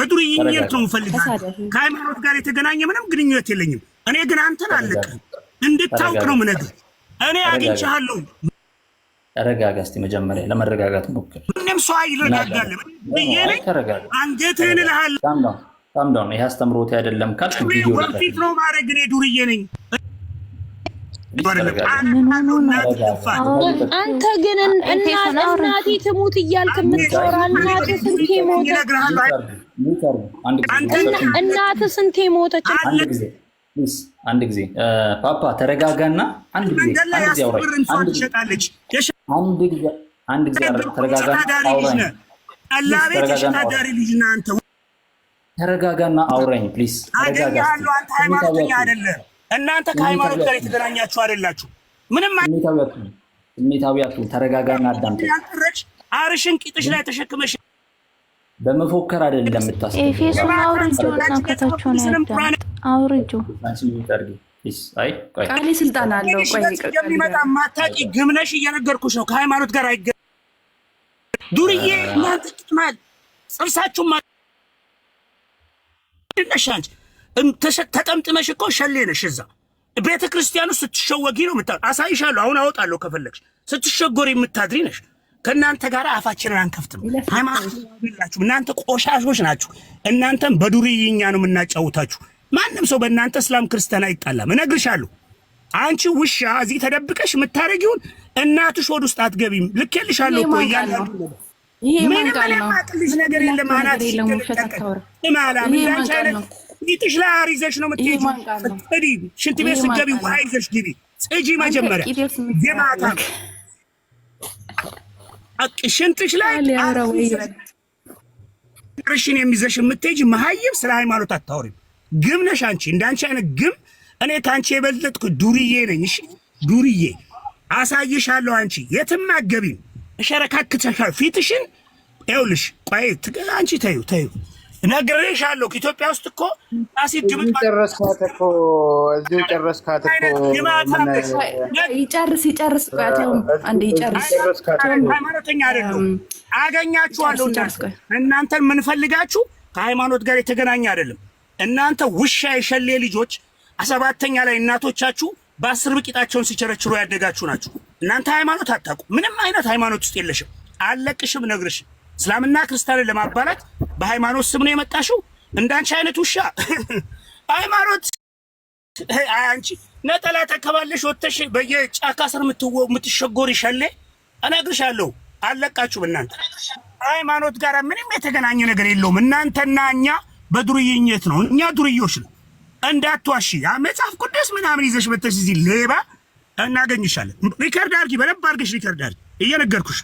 በዱርዬነት ነው እምፈልጋለሁ። ከሃይማኖት ጋር የተገናኘ ምንም ግንኙነት የለኝም። እኔ ግን አንተን አለቀ እንድታውቅ ነው የምነግርህ። እኔ አግኝቻለሁ። ተረጋጋ። እስኪ መጀመሪያ ለመረጋጋት ሞክር። ምንም ሰው አይረጋጋልም። አንገትህን እልሃለሁ። በጣም ነው ይህ አስተምሮት አይደለም ካልክ ወንፊት ነው ማድረግ። እኔ ዱርዬ ነኝ። አንተ ግን እናቴ ትሙት እያልክ የምትወራ እናቴ ስንቴ ሞተ እናት ስንቴ ሞተች? አንድ ጊዜ ፓፓ ተረጋጋና፣ አንድ ጊዜ አንድ ጊዜ ተረጋጋና አውራኝ ፕሊዝ። እናንተ ከሃይማኖት ጋር የተገናኛችሁ አይደላችሁ። ምንም ስሜታዊ አትሁን። ተረጋጋና አዳምጥ። አርሽን ቂጥሽ ላይ ተሸክመሽ በመፎከር አይደለም የምታስኤፌሱን ስልጣን አለው። የሚመጣ ማታቂ ግምነሽ እየነገርኩሽ ነው። ከሃይማኖት ጋር አይገ ዱርዬ ማጥቅማል ጽርሳችሁ ማሻንች ተጠምጥመሽ እኮ ሸሌ ነሽ። እዛ ቤተ ክርስቲያኑ ስትሸወጊ ነው ምታ አሳይሻለሁ። አሁን አወጣለሁ ከፈለግሽ ስትሸጎር የምታድሪ ነሽ። ከእናንተ ጋር አፋችንን አንከፍትም። ሃይማኖት እናንተ ቆሻሾች ናችሁ። እናንተም በዱርዬ እኛ ነው የምናጫውታችሁ። ማንም ሰው በእናንተ እስላም ክርስቲያን አይጣላም። እነግርሻለሁ። አንቺ ውሻ እዚህ ተደብቀሽ የምታደርጊውን እናትሽ ሆድ ውስጥ አትገቢም። ልኬልሻለሁ እኮ እያለ ምንም ነገር የለም። አናት ማላም አይነት ሊጥሽ ላይ አሪዘሽ ነው የምትሄጂው። ሽንት ቤት ስትገቢ ውሃ ይዘሽ ግቢ፣ ጽጂ መጀመሪያ የማታ ሽንጥሽ ላይ ቅርሽን የሚዘሽ የምትሄጂ መሀይም ስለ ሃይማኖት አታወሪም። ግም ነሽ አንቺ። እንዳንቺ አይነት ግም እኔ ከአንቺ የበለጥኩ ዱርዬ ነኝ። እሺ ዱርዬ አሳይሻለሁ። አንቺ የትም አገቢም እሸረካክተሻል ፊትሽን። ይኸውልሽ ቆይ አንቺ ተዩ ተዩ ነግሬሻለሁ። ኢትዮጵያ ውስጥ እኮ አሲድ ድምፅ ጨረስካት እኮ እዚሁ ጨረስካት እኮ ይጨርስ ይጨርስ አንድ ይጨርስ። ሃይማኖተኛ አይደለም። አገኛችኋለሁ። እናንተን የምንፈልጋችሁ ከሃይማኖት ጋር የተገናኘ አይደለም። እናንተ ውሻ የሸሌ ልጆች ሰባተኛ ላይ እናቶቻችሁ በአስር ብቂጣቸውን ሲቸረችሩ ያደጋችሁ ናችሁ። እናንተ ሃይማኖት አታውቁ። ምንም አይነት ሃይማኖት ውስጥ የለሽም። አለቅሽም ነግርሽም እስላምና ክርስቲያንን ለማባላት በሃይማኖት ስም ነው የመጣሽው። እንዳንቺ አይነት ውሻ ሃይማኖት አንቺ ነጠላ ተከባለሽ ወጥተሽ በየጫካ ስር የምትሸጎር ሸሌ እነግርሻለሁ። አለቃችሁም እናንተ ሃይማኖት ጋር ምንም የተገናኘ ነገር የለውም። እናንተና እኛ በዱርዬነት ነው፣ እኛ ዱርዮች ነው። እንዳትዋሺ መጽሐፍ ቅዱስ ምናምን ይዘሽ መተሽ እዚህ ሌባ እናገኝሻለን። ሪከርድ አርጊ፣ በደንብ አርገሽ ሪከርድ አርጊ እየነገርኩሽ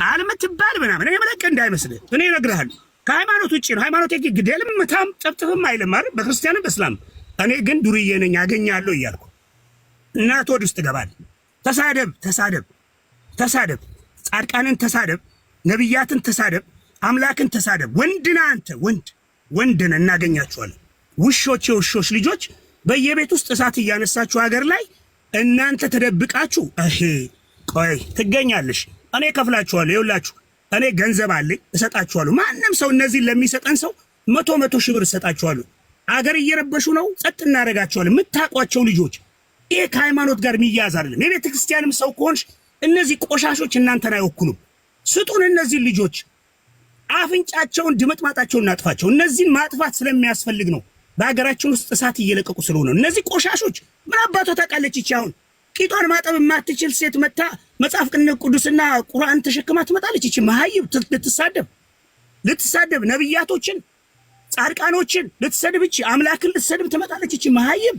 ቃል የምትባል ምናምን እኔ መለቀ እንዳይመስልህ እኔ እነግርሃለሁ። ከሃይማኖት ውጭ ነው። ሃይማኖት ግደልም፣ ምታም፣ ጠብጥፍም አይልም አይደል? በክርስቲያንም በእስላም። እኔ ግን ዱርዬ ነኝ አገኛለሁ እያልኩ እናት ወድ ውስጥ ገባል። ተሳደብ፣ ተሳደብ፣ ተሳደብ፣ ጻድቃንን ተሳደብ፣ ነቢያትን ተሳደብ፣ አምላክን ተሳደብ። ወንድና አንተ ወንድ ወንድን ነህ። እናገኛችኋለን። ውሾች፣ የውሾች ልጆች በየቤት ውስጥ እሳት እያነሳችሁ ሀገር ላይ እናንተ ተደብቃችሁ እሄ ቆይ ትገኛለሽ። እኔ ከፍላችኋለሁ። ይኸውላችሁ እኔ ገንዘብ አለኝ እሰጣችኋለሁ። ማንም ሰው እነዚህን ለሚሰጠን ሰው መቶ መቶ ሺህ ብር እሰጣችኋለሁ። አገር እየረበሹ ነው፣ ጸጥ እናደርጋችኋለን። የምታውቋቸው ልጆች ይህ ከሃይማኖት ጋር የሚያያዝ አይደለም። የቤተ ክርስቲያንም ሰው ከሆንሽ እነዚህ ቆሻሾች እናንተን አይወክሉም። ስጡን እነዚህን ልጆች አፍንጫቸውን ድምጥማጣቸውን እናጥፋቸው። እነዚህን ማጥፋት ስለሚያስፈልግ ነው። በሀገራችን ውስጥ እሳት እየለቀቁ ስለሆነ እነዚህ ቆሻሾች ምን አባቷ ታውቃለች። ይቺ አሁን ቂጧን ማጠብ የማትችል ሴት መታ መጽሐፍ ቅዱስና ቁርአን ተሸክማ ትመጣለች። ይቺ መሀይብ ልትሳደብ ልትሳደብ ነብያቶችን ጻድቃኖችን ልትሰድብ እቺ አምላክን ልትሰድብ ትመጣለች። እቺ መሀይም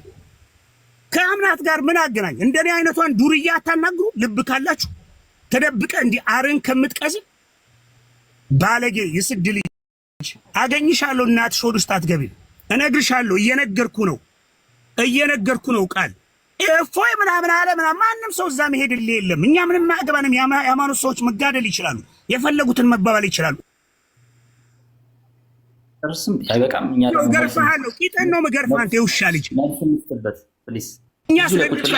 ከአምናት ጋር ምን አገናኝ? እንደኔ አይነቷን ዱርያ አታናግሩ። ልብ ካላችሁ ተደብቀ እንዲህ አርን ከምትቀዝብ ባለጌ ይስድል አገኝሻለሁ። እናትሽ ሆድ ውስጥ አትገቢም። እነግርሻለሁ። እየነገርኩ ነው እየነገርኩ ነው ቃል እፎይ ምናምን አለ ምናምን ማንም ሰው እዛ መሄድልህ የለም። እኛ ምንም አያገባንም። የሃይማኖት ሰዎች መጋደል ይችላሉ፣ የፈለጉትን መባባል ይችላሉ። እርስም ነው አንተ የውሻ ልጅ። እኛ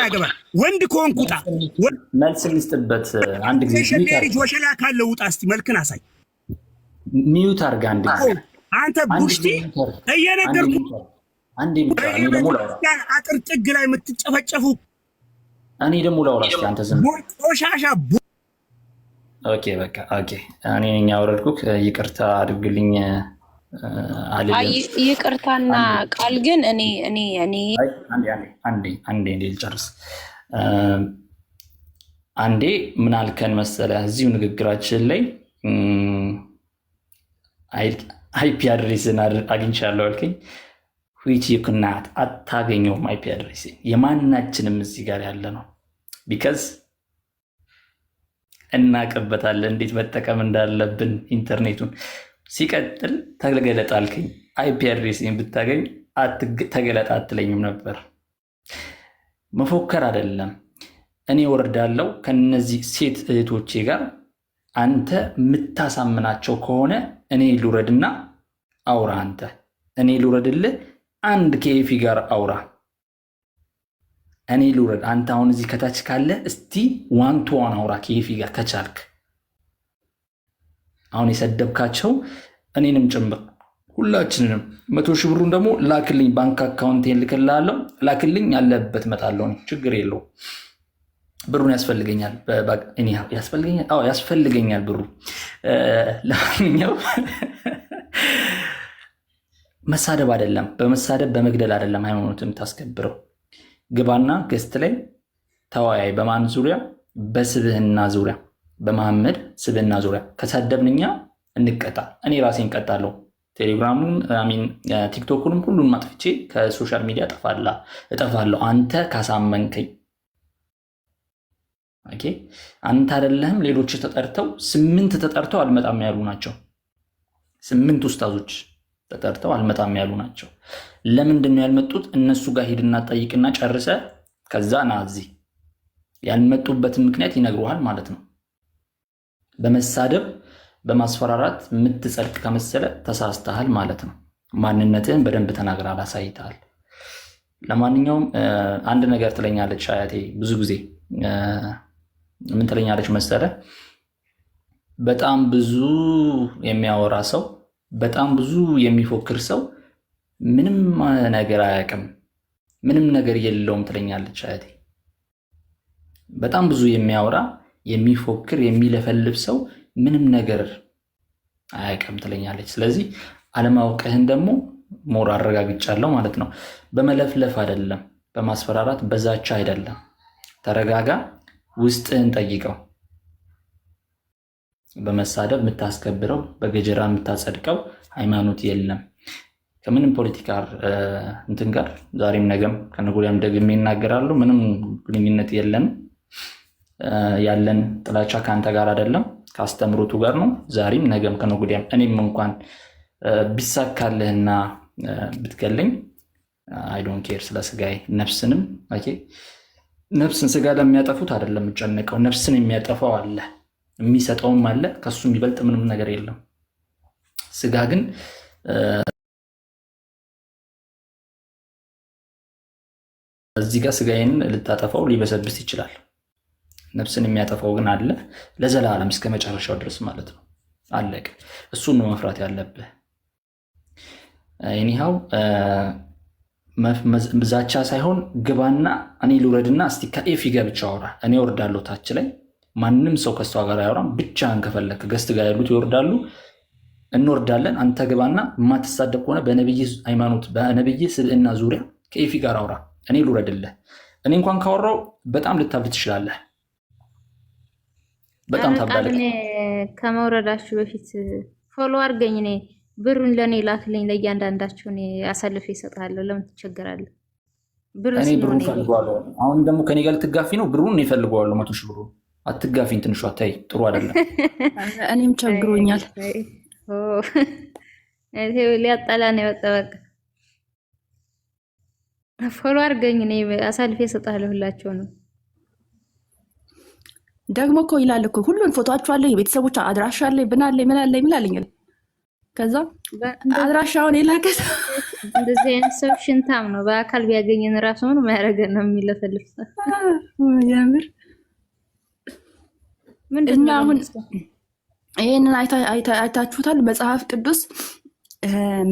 አያገባ ወንድ መልስ አንድ ጊዜ ልጅ ወሸላ ካለው ውጣ። መልክን አሳይ። ሚዩት አርጋ አንድ ጊዜ አንተ ቡሽቲ እየነገርኩህ አንዴ ብቻ እኔ ደግሞ ላውራ። አጥር ጥግ ላይ የምትጨፈጨፉ እኔ ደግሞ ላውራ። እስኪ አንተ ዝም ቆሻሻ። ኦኬ በቃ ኦኬ። እኔ እኛ አውረድኩክ ይቅርታ አድርግልኝ። ይቅርታና ቃል ግን እኔ እኔ እኔ አንዴ አንዴ እንዴ ልጨርስ። አንዴ ምን አልከን መሰለ እዚሁ ንግግራችን ላይ አይፒ አድሬስን አግኝቻለሁ አልከኝ። ዊች ዩ አታገኘውም። አይፒ አድሬስ የማናችንም እዚህ ጋር ያለ ነው። ቢከዝ እናቅበታለን እንዴት መጠቀም እንዳለብን ኢንተርኔቱን። ሲቀጥል ተገለጥ አልከኝ፣ አይፒ አድሬስን ብታገኝ ተገለጣ አትለኝም ነበር። መፎከር አይደለም። እኔ ወርዳለው ከነዚህ ሴት እህቶቼ ጋር አንተ የምታሳምናቸው ከሆነ እኔ ልውረድና አውራ አንተ እኔ ልውረድልህ አንድ ከኤፊ ጋር አውራ። እኔ ልውረድ፣ አንተ አሁን እዚህ ከታች ካለ እስቲ ዋን ቱ ዋን አውራ ከኤፊ ጋር ከቻልክ። አሁን የሰደብካቸው እኔንም ጭምር ሁላችንንም። መቶ ሺህ ብሩን ደግሞ ላክልኝ፣ ባንክ አካውንቴን ልክልሃለሁ፣ ላክልኝ፣ ያለበት እመጣለሁ፣ ችግር የለው ብሩን ያስፈልገኛል ያስፈልገኛል፣ ብሩ ለማንኛውም መሳደብ አይደለም፣ በመሳደብ በመግደል አይደለም ሃይማኖት የምታስከብረው። ግባና ገስት ላይ ተወያይ። በማን ዙሪያ? በስብህና ዙሪያ፣ በመሐመድ ስብህና ዙሪያ። ከሰደብን እንቀጣ። እኔ ራሴ እንቀጣለሁ። ቴሌግራሙን ሚን ቲክቶኩንም ሁሉን ማጥፍቼ ከሶሻል ሚዲያ እጠፋለሁ። አንተ ካሳመንከኝ ኦኬ። አንተ አደለህም ሌሎች ተጠርተው ስምንት ተጠርተው አልመጣም ያሉ ናቸው ስምንት ውስታዞች። ተጠርተው አልመጣም ያሉ ናቸው። ለምንድን ነው ያልመጡት? እነሱ ጋር ሂድና ጠይቅና ጨርሰ ከዛ ና እዚህ። ያልመጡበትን ምክንያት ይነግሩሃል ማለት ነው። በመሳደብ በማስፈራራት የምትጸድቅ ከመሰለ ተሳስተሃል ማለት ነው። ማንነትህን በደንብ ተናግረሃል፣ አሳይተሃል። ለማንኛውም አንድ ነገር ትለኛለች አያቴ። ብዙ ጊዜ ምን ትለኛለች መሰለ በጣም ብዙ የሚያወራ ሰው በጣም ብዙ የሚፎክር ሰው ምንም ነገር አያውቅም፣ ምንም ነገር የለውም ትለኛለች አያቴ። በጣም ብዙ የሚያወራ የሚፎክር የሚለፈልፍ ሰው ምንም ነገር አያውቅም ትለኛለች። ስለዚህ አለማወቅህን ደግሞ ሞር አረጋግጫለሁ ማለት ነው። በመለፍለፍ አይደለም፣ በማስፈራራት በዛቻ አይደለም። ተረጋጋ፣ ውስጥህን ጠይቀው። በመሳደብ የምታስከብረው በገጀራ የምታጸድቀው ሃይማኖት የለም። ከምንም ፖለቲካ እንትን ጋር ዛሬም ነገም ከነገ ወዲያም ደግሜ ይናገራሉ። ምንም ግንኙነት የለን። ያለን ጥላቻ ከአንተ ጋር አይደለም፣ ከአስተምሮቱ ጋር ነው። ዛሬም ነገም ከነገ ወዲያም እኔም እንኳን ቢሳካልህና ብትገለኝ አይዶን ኬር ስለ ስጋይ ነፍስንም ነፍስን ስጋ ለሚያጠፉት አይደለም የምጨነቀው፣ ነፍስን የሚያጠፋው አለ። የሚሰጠውም አለ። ከሱ የሚበልጥ ምንም ነገር የለም። ስጋ ግን እዚህ ጋር ስጋዬን ልታጠፋው ሊበሰብስ ይችላል። ነፍስን የሚያጠፋው ግን አለ ለዘላለም እስከ መጨረሻው ድረስ ማለት ነው። አለቅ እሱን ነው መፍራት ያለብህ። ኒሃው ዛቻ ሳይሆን ግባና እኔ ልውረድና እስቲ ከኤፊ ጋር ብቻ አውራ እኔ ወርዳለሁ ታች ላይ ማንም ሰው ከሷ ጋር አያወራም። ብቻህን ከፈለክ ገስት ጋር ያሉት ይወርዳሉ፣ እንወርዳለን። አንተ ግባና የማትሳደብ ከሆነ በነብይ ሃይማኖት፣ በነብይ ስብዕና ዙሪያ ከኤፊ ጋር አውራ። እኔ ልውረድልህ። እኔ እንኳን ካወራው በጣም ልታብድ ትችላለህ። በጣም ታብዳለህ። ከመውረዳችሁ በፊት ፎሎ አድርገኝ። እኔ ብሩን ለእኔ ላክልኝ። ለእያንዳንዳችሁ እኔ አሳልፌ እሰጥሃለሁ። ለምን ትቸገራለህ? ብሩን እኔ ብሩን እፈልገዋለሁ። አሁን ደግሞ ከኔ ጋር ልትጋፊ ነው። ብሩን እኔ እፈልገዋለሁ። መቶ ሺህ ብሩን አትጋፊን ትንሿ ታይ ጥሩ አይደለም። እኔም ቸግሮኛል። ሊያጣላ ነው የወጣው። በቃ ፎሎ አድርገኝ፣ እኔ አሳልፌ እሰጥሃለሁ። ሁላቸው ነው ደግሞ እኮ ይላል እኮ ሁሉን ፎቶቸው አለ፣ የቤተሰቦች አድራሻ አለ፣ ብን አለ፣ ምን አለ ምን ከዛ አድራሻውን የላከ እንደዚህ አይነት ሰው ሽንታም ነው። በአካል ቢያገኘን ራሱ ራሱን ማያደርገን ነው የሚለፈልፍ የምር ምንድን አሁን ይህንን አይታችሁታል። መጽሐፍ ቅዱስ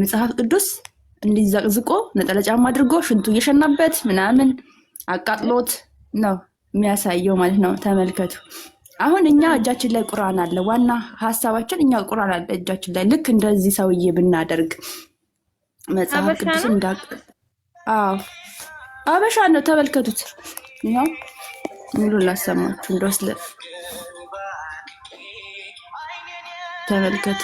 መጽሐፍ ቅዱስ እንዲህ ዘቅዝቆ ነጠላ ጫማ አድርጎ ሽንቱ እየሸናበት ምናምን አቃጥሎት ነው የሚያሳየው ማለት ነው። ተመልከቱ። አሁን እኛ እጃችን ላይ ቁርአን አለ። ዋና ሀሳባችን እኛ ቁርአን አለ እጃችን ላይ ልክ እንደዚህ ሰውዬ ብናደርግ መጽሐፍ ቅዱስ እንዳ አበሻ ነው። ተመልከቱት። ሙሉ ላሰማችሁ እንደወስለፍ ተመልከቱ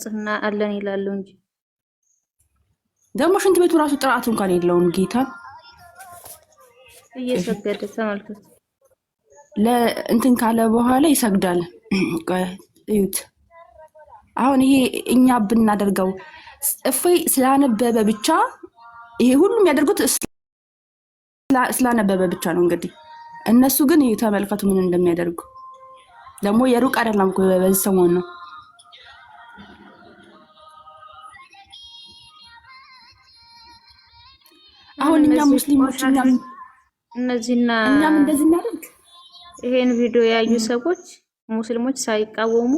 ንጽህና አለን ይላሉ እንጂ ደግሞ ሽንት ቤቱ ራሱ ጥርዓት እንኳን የለውም። ጌታ እየሰገደ ተመልከቱ። ለእንትን ካለ በኋላ ይሰግዳል። እዩት። አሁን ይሄ እኛ ብናደርገው እፎይ ስላነበበ ብቻ ይሄ ሁሉም ያደርጉት ስላነበበ ብቻ ነው። እንግዲህ እነሱ ግን ተመልከቱ ምን እንደሚያደርጉ ደግሞ የሩቅ አይደለም እኮ በዚህ ሰሞን ነው ሙስሊሞች እነዚህና እኛም እንደዚህ እናደርግ። ይሄን ቪዲዮ ያዩ ሰዎች ሙስሊሞች ሳይቃወሙ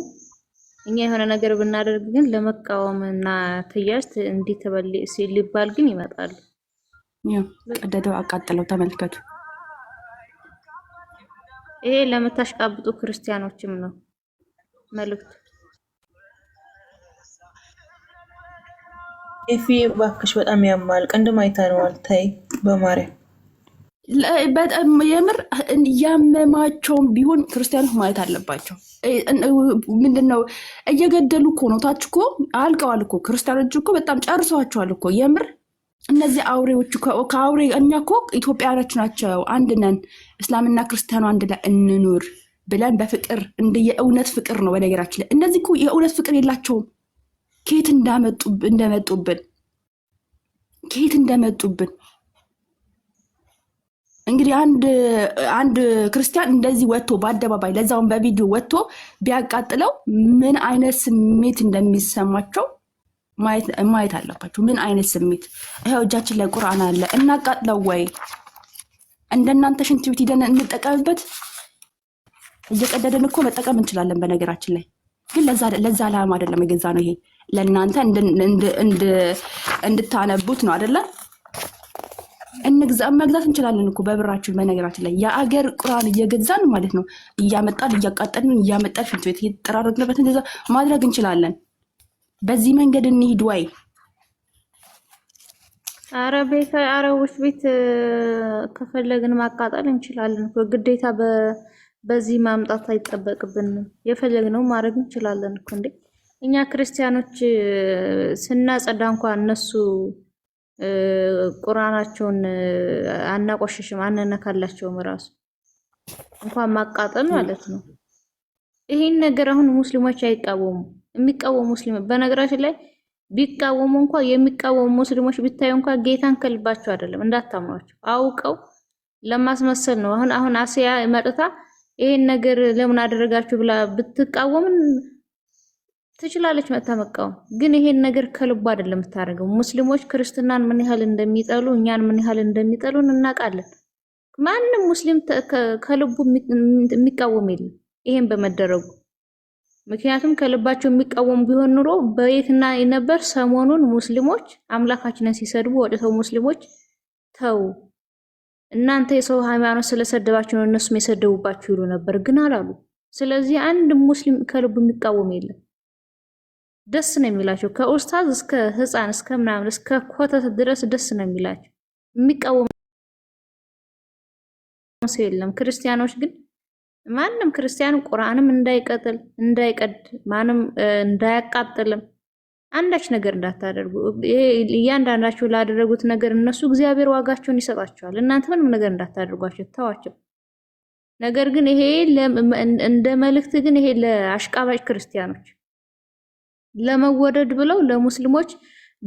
እኛ የሆነ ነገር ብናደርግ ግን ለመቃወም እና ትያዝ እንዲተበል ሊባል ግን ይመጣሉ። ቀደደው አቃጥለው ተመልከቱ። ይሄ ለምታሽቃብጡ ክርስቲያኖችም ነው መልእክቱ። ኤፊ እባክሽ በጣም ያማል። ቅንድም አይተነዋል። ተይ በማርያም በጣም የምር እያመማቸውም ቢሆን ክርስቲያኖች ማየት አለባቸው። ምንድን ነው እየገደሉ እኮ ነው። ታች እኮ አልቀዋል እኮ ክርስቲያኖች እኮ በጣም ጨርሰዋቸዋል እኮ የምር እነዚህ አውሬዎች ከአውሬ እኛ እኮ ኢትዮጵያኖች ናቸው። አንድ ነን፣ እስላምና ክርስቲያኑ አንድ ላይ እንኑር ብለን በፍቅር እንደ የእውነት ፍቅር ነው። በነገራችን ላይ እነዚህ የእውነት ፍቅር የላቸውም። ከየት እንደመጡብን ከየት እንደመጡብን እንግዲህ አንድ አንድ ክርስቲያን እንደዚህ ወጥቶ በአደባባይ ለዛውን በቪዲዮ ወጥቶ ቢያቃጥለው ምን አይነት ስሜት እንደሚሰማቸው ማየት አለባቸው። ምን አይነት ስሜት ይኸው እጃችን ላይ ቁርአን አለ። እናቃጥለው ወይ እንደናንተ ሽንት ቤት ሂደን እንጠቀምበት። እየቀደደን እኮ መጠቀም እንችላለን። በነገራችን ላይ ግን ለዛ ዓላማ አይደለም የገዛ ነው ይሄ ለእናንተ እንድታነቡት ነው አደለ? እንግዛ መግዛት እንችላለን እኮ በብራችን። በነገራችን ላይ የአገር ቁራን እየገዛን ማለት ነው እያመጣን እያቃጠልን እያመጣን ሽንት ቤት እየተጠራረግንበት እንደዛ ማድረግ እንችላለን። በዚህ መንገድ እንሂድ ወይ? አረ ቤት ቤት ከፈለግን ማቃጠል እንችላለን። ግዴታ በዚህ ማምጣት አይጠበቅብንም። የፈለግነው ማድረግ እንችላለን እኮ እንዴ እኛ ክርስቲያኖች ስናጸዳ እንኳ እነሱ ቁርአናቸውን አናቆሸሽም አናነካላቸውም። ራሱ እንኳን ማቃጠል ማለት ነው። ይህን ነገር አሁን ሙስሊሞች አይቃወሙ። የሚቃወሙ ሙስሊም በነገራችን ላይ ቢቃወሙ እንኳ የሚቃወሙ ሙስሊሞች ቢታዩ እንኳ ጌታን ከልባቸው አይደለም፣ እንዳታምኗቸው አውቀው ለማስመሰል ነው። አሁን አሁን አስያ መጥታ ይህን ነገር ለምን አደረጋችሁ ብላ ብትቃወምን ትችላለች መታ መቃወም። ግን ይሄን ነገር ከልቡ አይደለም የምታደርገው። ሙስሊሞች ክርስትናን ምን ያህል እንደሚጠሉ እኛን ምን ያህል እንደሚጠሉን እናውቃለን። ማንም ሙስሊም ከልቡ የሚቃወም የለም ይሄን በመደረጉ። ምክንያቱም ከልባቸው የሚቃወም ቢሆን ኑሮ በየትና የነበር ሰሞኑን ሙስሊሞች አምላካችንን ሲሰድቡ ወጥተው ሙስሊሞች ተው እናንተ የሰው ሃይማኖት ስለሰደባችሁ ነው እነሱም የሰደቡባችሁ ይሉ ነበር፣ ግን አላሉ። ስለዚህ አንድ ሙስሊም ከልቡ የሚቃወም የለም። ደስ ነው የሚላቸው። ከኡስታዝ እስከ ህፃን እስከ ምናምን እስከ ኮተት ድረስ ደስ ነው የሚላቸው። የሚቃወም ሰው የለም። ክርስቲያኖች ግን ማንም ክርስቲያን ቁርአንም እንዳይቀጥል እንዳይቀድ ማንም እንዳያቃጥልም አንዳች ነገር እንዳታደርጉ። እያንዳንዳቸው ላደረጉት ነገር እነሱ እግዚአብሔር ዋጋቸውን ይሰጣቸዋል። እናንተ ምንም ነገር እንዳታደርጓቸው፣ ተዋቸው። ነገር ግን ይሄ እንደ መልእክት ግን ይሄ ለአሽቃባጭ ክርስቲያኖች ለመወደድ ብለው ለሙስሊሞች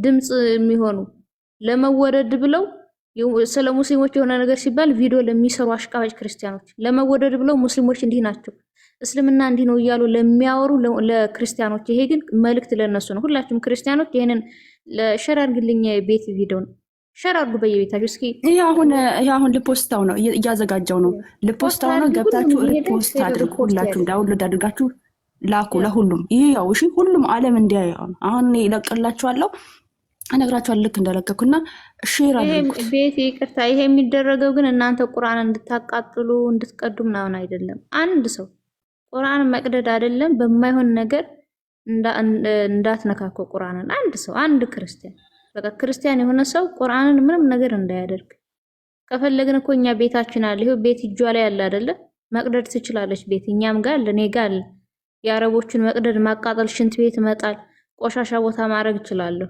ድምፅ የሚሆኑ ለመወደድ ብለው ስለ ሙስሊሞች የሆነ ነገር ሲባል ቪዲዮ ለሚሰሩ አሽቃባጭ ክርስቲያኖች ለመወደድ ብለው ሙስሊሞች እንዲህ ናቸው፣ እስልምና እንዲህ ነው እያሉ ለሚያወሩ ለክርስቲያኖች ይሄ ግን መልእክት ለነሱ ነው። ሁላችሁም ክርስቲያኖች ይሄንን ሸር አድርግልኝ ቤት ቪዲዮ ነው ሸር አድርጉ በየቤታችሁ። እስኪ ይሄ አሁን ልፖስታው ነው እያዘጋጀው ነው ልፖስታው ነው። ገብታችሁ ልፖስት አድርጉ ሁላችሁም ዳውንሎድ አድርጋችሁ ላኩ ለሁሉም። ይህ ያው እሺ፣ ሁሉም አለም እንዲያየው ነው። አሁን ይለቅላችኋለሁ፣ እነግራችኋለሁ ልክ እንደለቀኩና ሼር አድርጉት። ቤት ይቅርታ፣ ይሄ የሚደረገው ግን እናንተ ቁርአን እንድታቃጥሉ እንድትቀዱ ምናምን አይደለም። አንድ ሰው ቁርአን መቅደድ አይደለም በማይሆን ነገር እንዳትነካከው ቁርአንን። አንድ ሰው አንድ ክርስቲያን በቃ ክርስቲያን የሆነ ሰው ቁርአንን ምንም ነገር እንዳያደርግ ከፈለግን እኮ እኛ ቤታችን አለ። ይሄው ቤት እጇ ላይ ያለ አይደለ? መቅደድ ትችላለች ቤት እኛም ጋር አለ፣ እኔ ጋር አለ። የአረቦቹን መቅደድ፣ ማቃጠል፣ ሽንት ቤት መጣል፣ ቆሻሻ ቦታ ማድረግ እችላለሁ።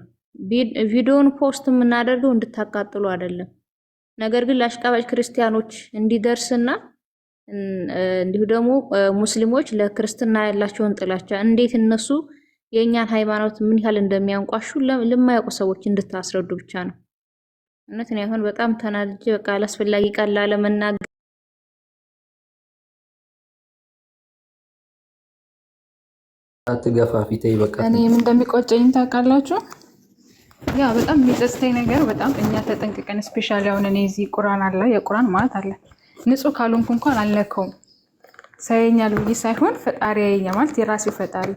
ቪዲዮውን ፖስት የምናደርገው እንድታቃጥሉ አይደለም። ነገር ግን ለአሽቃባጭ ክርስቲያኖች እንዲደርስና እንዲሁ ደግሞ ሙስሊሞች ለክርስትና ያላቸውን ጥላቻ እንዴት እነሱ የእኛን ሃይማኖት ምን ያህል እንደሚያንቋሹ ለማያውቁ ሰዎች እንድታስረዱ ብቻ ነው። እውነት እኔ አሁን በጣም ተናድጄ በቃ አላስፈላጊ ቃል ላለመናገር አትገፋ ፊቴ በቃ። እኔም እንደሚቆጨኝ ታውቃላችሁ። ያ በጣም የሚጸጽተኝ ነገር በጣም እኛ ተጠንቅቀን ስፔሻል ያሁን እኔ እዚህ ቁራን አለ የቁራን ማለት አለ ንጹህ ካልሆንኩ እንኳን አልነካውም። ሳየኛል ብዬ ሳይሆን ፈጣሪ ያየኛ ማለት የራሴው ፈጣሪ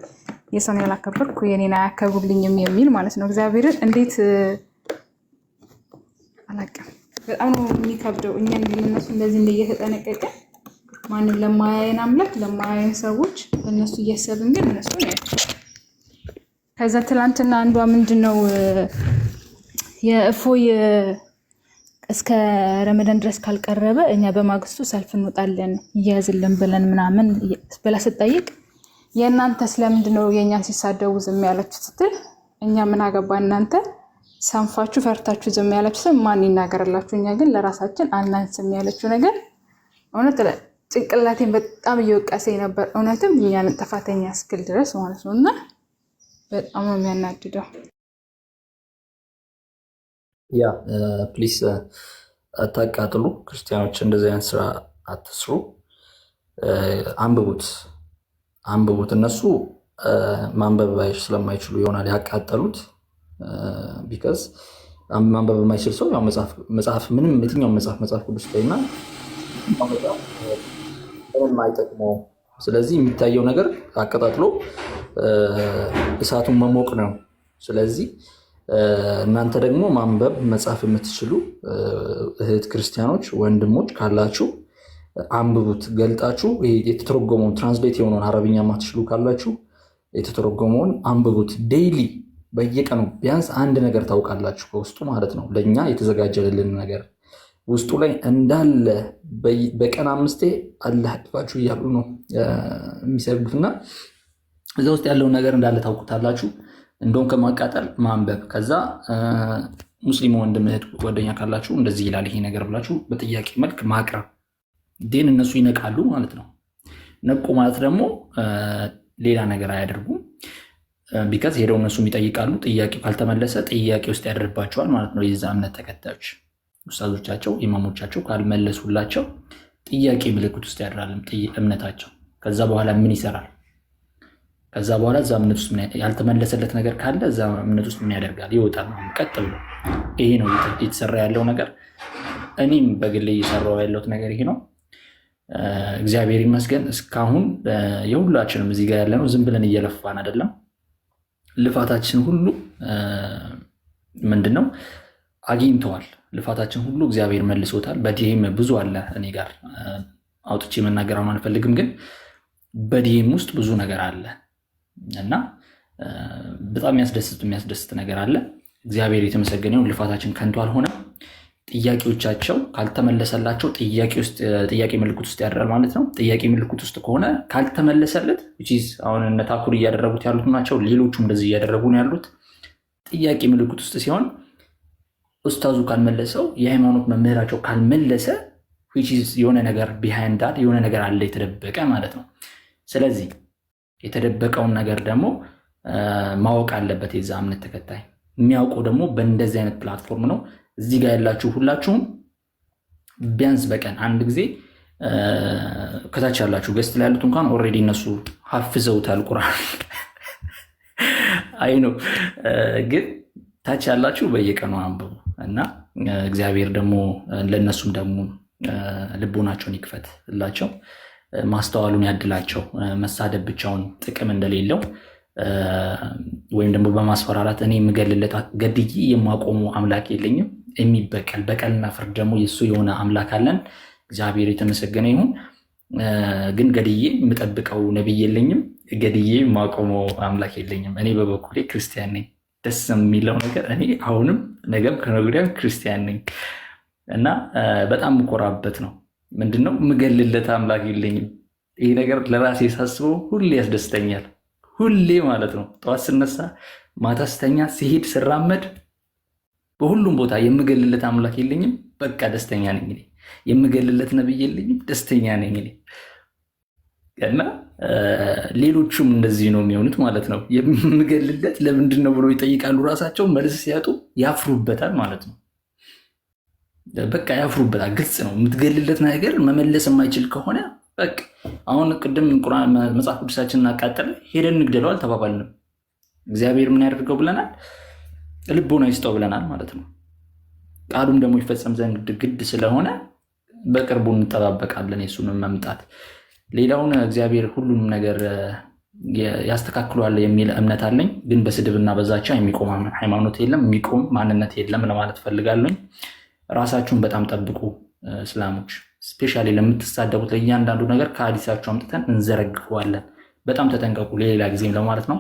የሰውን ያላከበርኩ የኔን አያከብሩልኝም የሚል ማለት ነው። እግዚአብሔርን እንዴት አላውቅም። በጣም ነው የሚከብደው እኛ እንደነሱ እንደዚህ እንደየተጠነቀቀ ማንም ለማያየን አምላክ ለማያየን ሰዎች እነሱ እያሰብን ግን እነሱ ያቸው። ከዛ ትላንትና አንዷ ምንድን ነው የእፎይ እስከ ረመዳን ድረስ ካልቀረበ እኛ በማግስቱ ሰልፍ እንወጣለን እያያዝልን ብለን ምናምን ብላ ስጠይቅ የእናንተ ስለምንድን ነው የእኛን ሲሳደቡ ዝም ያላችሁ ስትል እኛ ምን አገባ እናንተ ሰንፋችሁ ፈርታችሁ ዝም ያላችሁ ማን ይናገርላችሁ? እኛ ግን ለራሳችን አናንስም ያለችው ነገር እውነት ጭንቅላቴን በጣም እየወቀሰ ነበር። እውነትም እኛን ጥፋተኛ እስክል ድረስ ማለት ነው። እና በጣም ነው የሚያናድደው። ያ ፕሊስ አታቃጥሉ፣ ክርስቲያኖች እንደዚህ አይነት ስራ አትስሩ። አንብቡት አንብቡት። እነሱ ማንበብ ስለማይችሉ ይሆናል ያቃጠሉት። ቢከዝ ማንበብ የማይችል ሰው መጽሐፍ ምንም የትኛውን መጽሐፍ መጽሐፍ ቅዱስ ላይና ምንም አይጠቅመው። ስለዚህ የሚታየው ነገር አቀጣጥሎ እሳቱን መሞቅ ነው። ስለዚህ እናንተ ደግሞ ማንበብ መጻፍ የምትችሉ እህት ክርስቲያኖች፣ ወንድሞች ካላችሁ አንብቡት፣ ገልጣችሁ የተተረጎመውን ትራንስሌት የሆነውን አረብኛ ማትችሉ ካላችሁ የተተረጎመውን አንብቡት። ዴይሊ በየቀኑ ቢያንስ አንድ ነገር ታውቃላችሁ ከውስጡ ማለት ነው። ለእኛ የተዘጋጀልልን ነገር ውስጡ ላይ እንዳለ በቀን አምስቴ አላህ አቅፋችሁ እያሉ ነው የሚሰግዱትና እዛ ውስጥ ያለውን ነገር እንዳለ ታውቁታላችሁ። እንደውም ከማቃጠል ማንበብ። ከዛ ሙስሊም ወንድም እህት ጓደኛ ካላችሁ እንደዚህ ይላል ይሄ ነገር ብላችሁ በጥያቄ መልክ ማቅረብ ዴን እነሱ ይነቃሉ ማለት ነው። ነቁ ማለት ደግሞ ሌላ ነገር አያደርጉም። ቢካዝ ሄደው እነሱም ይጠይቃሉ። ጥያቄ ካልተመለሰ ጥያቄ ውስጥ ያደርባቸዋል ማለት ነው የዛ እምነት ተከታዮች ውስጣዞቻቸው ኢማሞቻቸው ካልመለሱላቸው ጥያቄ ምልክት ውስጥ ያድራል እምነታቸው። ከዛ በኋላ ምን ይሰራል? ከዛ በኋላ እዛ እምነት ውስጥ ያልተመለሰለት ነገር ካለ እዛ እምነት ውስጥ ምን ያደርጋል? ይወጣል። ቀጥ ብሎ ይሄ ነው የተሰራ ያለው ነገር። እኔም በግሌ እየሰራው ያለሁት ነገር ይሄ ነው። እግዚአብሔር ይመስገን እስካሁን የሁላችንም እዚህ ጋር ያለ ዝም ብለን እየለፋን አይደለም። ልፋታችን ሁሉ ምንድን ነው አግኝተዋል ልፋታችን ሁሉ እግዚአብሔር መልሶታል። በዲም ብዙ አለ። እኔ ጋር አውጥቼ መናገር አሁን አልፈልግም፣ ግን በዲም ውስጥ ብዙ ነገር አለ እና በጣም የሚያስደስት የሚያስደስት ነገር አለ። እግዚአብሔር የተመሰገነውን ልፋታችን ከንቱ አልሆነም። ጥያቄዎቻቸው ካልተመለሰላቸው ጥያቄ ምልክት ውስጥ ያድራል ማለት ነው። ጥያቄ ምልክት ውስጥ ከሆነ ካልተመለሰለት አሁን እነ ታኩር እያደረጉት ያሉት ናቸው። ሌሎቹም እንደዚህ እያደረጉ ነው ያሉት። ጥያቄ ምልክት ውስጥ ሲሆን ኡስታዙ ካልመለሰው የሃይማኖት መምህራቸው ካልመለሰ የሆነ ነገር ቢሃይንድ ዳት የሆነ ነገር አለ የተደበቀ ማለት ነው። ስለዚህ የተደበቀውን ነገር ደግሞ ማወቅ አለበት የዛ እምነት ተከታይ። የሚያውቀው ደግሞ በእንደዚህ አይነት ፕላትፎርም ነው። እዚህ ጋር ያላችሁ ሁላችሁም ቢያንስ በቀን አንድ ጊዜ ከታች ያላችሁ ገስት ላይ ያሉት እንኳን ኦልሬዲ እነሱ ሀፍዘውታል ቁርአን አይ ነው ግን ታች ያላችሁ በየቀኑ አንብቡ። እና እግዚአብሔር ደግሞ ለእነሱም ደግሞ ልቦናቸውን ይክፈትላቸው፣ ማስተዋሉን ያድላቸው። መሳደብ ብቻውን ጥቅም እንደሌለው ወይም ደግሞ በማስፈራራት እኔ የምገልለት ገድዬ የማቆሙ አምላክ የለኝም። የሚበቀል በቀልና ፍርድ ደግሞ የእሱ የሆነ አምላክ አለን። እግዚአብሔር የተመሰገነ ይሁን። ግን ገድዬ የምጠብቀው ነቢይ የለኝም። ገድዬ የማቆመው አምላክ የለኝም። እኔ በበኩሌ ክርስቲያን ነኝ። ደስ የሚለው ነገር እኔ አሁንም ነገም ከነገወዲያም ክርስቲያን ነኝ እና በጣም ምኮራበት ነው። ምንድነው ምገልለት አምላክ የለኝም። ይህ ነገር ለራሴ ሳስበው ሁሌ ያስደስተኛል። ሁሌ ማለት ነው። ጠዋት ስነሳ፣ ማታ ስተኛ፣ ሲሄድ፣ ስራመድ፣ በሁሉም ቦታ የምገልለት አምላክ የለኝም። በቃ ደስተኛ ነኝ። የምገልለት ነብይ የለኝም። ደስተኛ ነኝ እና ሌሎቹም እንደዚህ ነው የሚሆኑት ማለት ነው። የምገልለት ለምንድን ነው ብሎ ይጠይቃሉ። ራሳቸው መልስ ሲያጡ ያፍሩበታል ማለት ነው። በቃ ያፍሩበታል። ግልጽ ነው። የምትገልለት ነገር መመለስ የማይችል ከሆነ በቃ አሁን ቅድም መጽሐፍ ቅዱሳችን አቃጠለ ሄደን እንግደለው አልተባባልንም። እግዚአብሔር ምን ያደርገው ብለናል፣ ልቦና ይስጠው ብለናል ማለት ነው። ቃሉም ደግሞ ይፈጸም ዘንድ ግድ ስለሆነ በቅርቡ እንጠባበቃለን የሱንም መምጣት ሌላውን እግዚአብሔር ሁሉንም ነገር ያስተካክሏል የሚል እምነት አለኝ። ግን በስድብና በዛቻ የሚቆም ሃይማኖት የለም፣ የሚቆም ማንነት የለም ለማለት ፈልጋለኝ። ራሳችሁን በጣም ጠብቁ እስላሞች። ስፔሻሊ ለምትሳደቡት ለእያንዳንዱ ነገር ከአዲሳችሁ አምጥተን እንዘረግፈዋለን። በጣም ተጠንቀቁ። ለሌላ ጊዜም ለማለት ነው።